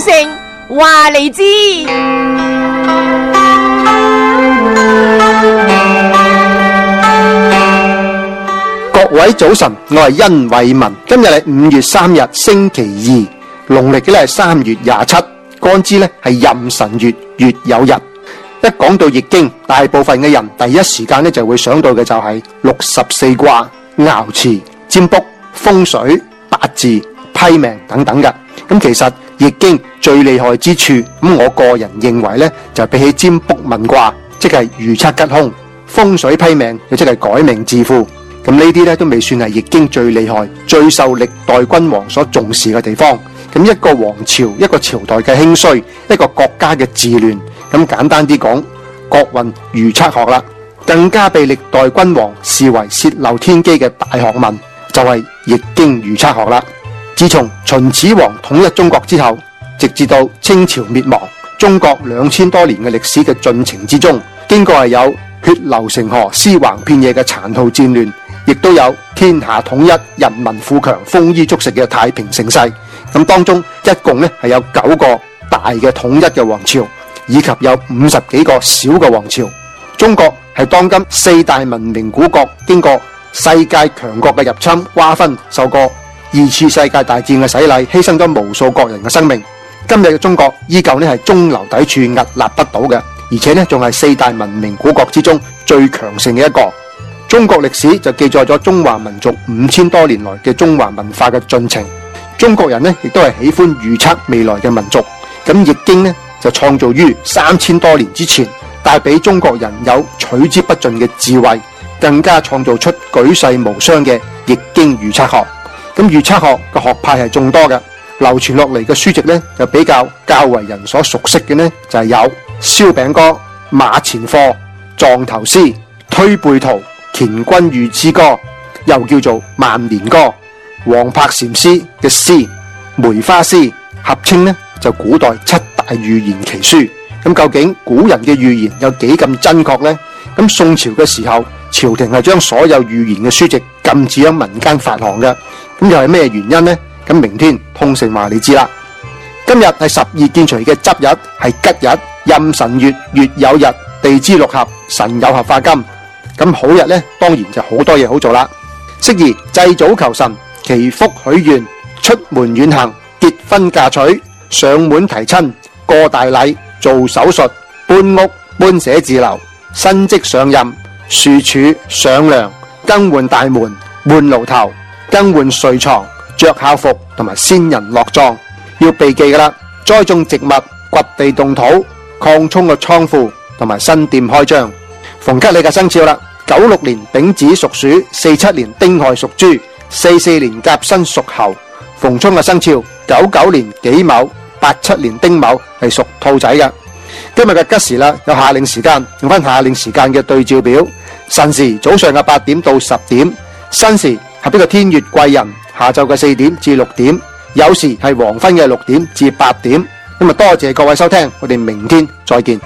話你知，各位早晨，我係甄偉文。今日係五月三日，星期二，農曆嘅咧係三月廿七。干支咧係壬辰月乙酉日。一講到易經，大部分嘅人第一時間咧就會想到嘅就係六十四卦、爻辭、占卜、風水、八字、批命等等嘅。咁其實。易經最厲害之處，咁我個人認為呢，就是、比起占卜問卦，即係預測吉凶、風水批命，又即係改名致富，咁呢啲呢都未算係易經最厲害、最受歷代君王所重視嘅地方。咁一個皇朝、一個朝代嘅興衰，一個國家嘅治亂，咁簡單啲講，國運預測學啦，更加被歷代君王視為洩漏天機嘅大學問，就係、是、易經預測學啦。自從秦始皇統一中國之後，直至到清朝滅亡，中國兩千多年嘅歷史嘅進程之中，經過係有血流成河、屍橫遍野嘅殘酷戰亂，亦都有天下統一、人民富強、豐衣足食嘅太平盛世。咁當中一共咧係有九個大嘅統一嘅王朝，以及有五十幾個小嘅王朝。中國係當今四大文明古國，經過世界強國嘅入侵瓜分，受過。二次世界大戰嘅洗禮，犧牲咗無數國人嘅生命。今日嘅中國依舊呢係中流砥柱屹立不倒嘅，而且呢仲係四大文明古國之中最強盛嘅一個。中國歷史就記載咗中華民族五千多年來嘅中華文化嘅進程。中國人呢亦都係喜歡預測未來嘅民族。咁《易經》呢就創造於三千多年之前，帶俾中國人有取之不盡嘅智慧，更加創造出舉世無雙嘅《易經》預測學。咁預測學個學派係眾多嘅，流傳落嚟嘅書籍咧就比較較為人所熟悉嘅咧，就係、是、有《燒餅歌》《馬前課》《藏頭詩》《推背圖》《乾坤預知歌》，又叫做《萬年歌》。黃柏禪師嘅詩《梅花詩》合稱咧就古代七大預言奇書。咁究竟古人嘅預言有幾咁真確呢？咁宋朝嘅時候，朝廷係將所有預言嘅書籍禁止喺民間發行嘅，咁又係咩原因呢？咁明天通勝話你知啦。今日係十二建除嘅執日，係吉日，壬辰月乙酉日，地支六合辰酉合化金，咁好日呢？當然就好多嘢好做啦。適宜，祭祖求神，祈福許願，出門遠行，結婚嫁娶，上門提親，過大禮，做手術，搬屋，搬寫字樓，新職上任。豎柱上梁，更換大門、換爐頭、更換睡床、着孝服同埋先人落葬，要避忌噶啦栽種植物、掘地動土、擴充個倉庫同埋新店開張。逢吉利嘅生肖啦，九六年丙子屬鼠，四七年丁亥屬豬，四四年甲申屬猴。逢沖嘅生肖，九九年己卯、八七年丁卯係屬兔仔嘅。今日嘅吉時啦，有夏令時間，用翻夏令時間嘅對照表。辰時早上嘅八點到十點，申時係呢個天乙貴人，下晝嘅四點至六點，酉時係黃昏嘅六點至八點。咁啊，多謝各位收聽，我哋明天再見。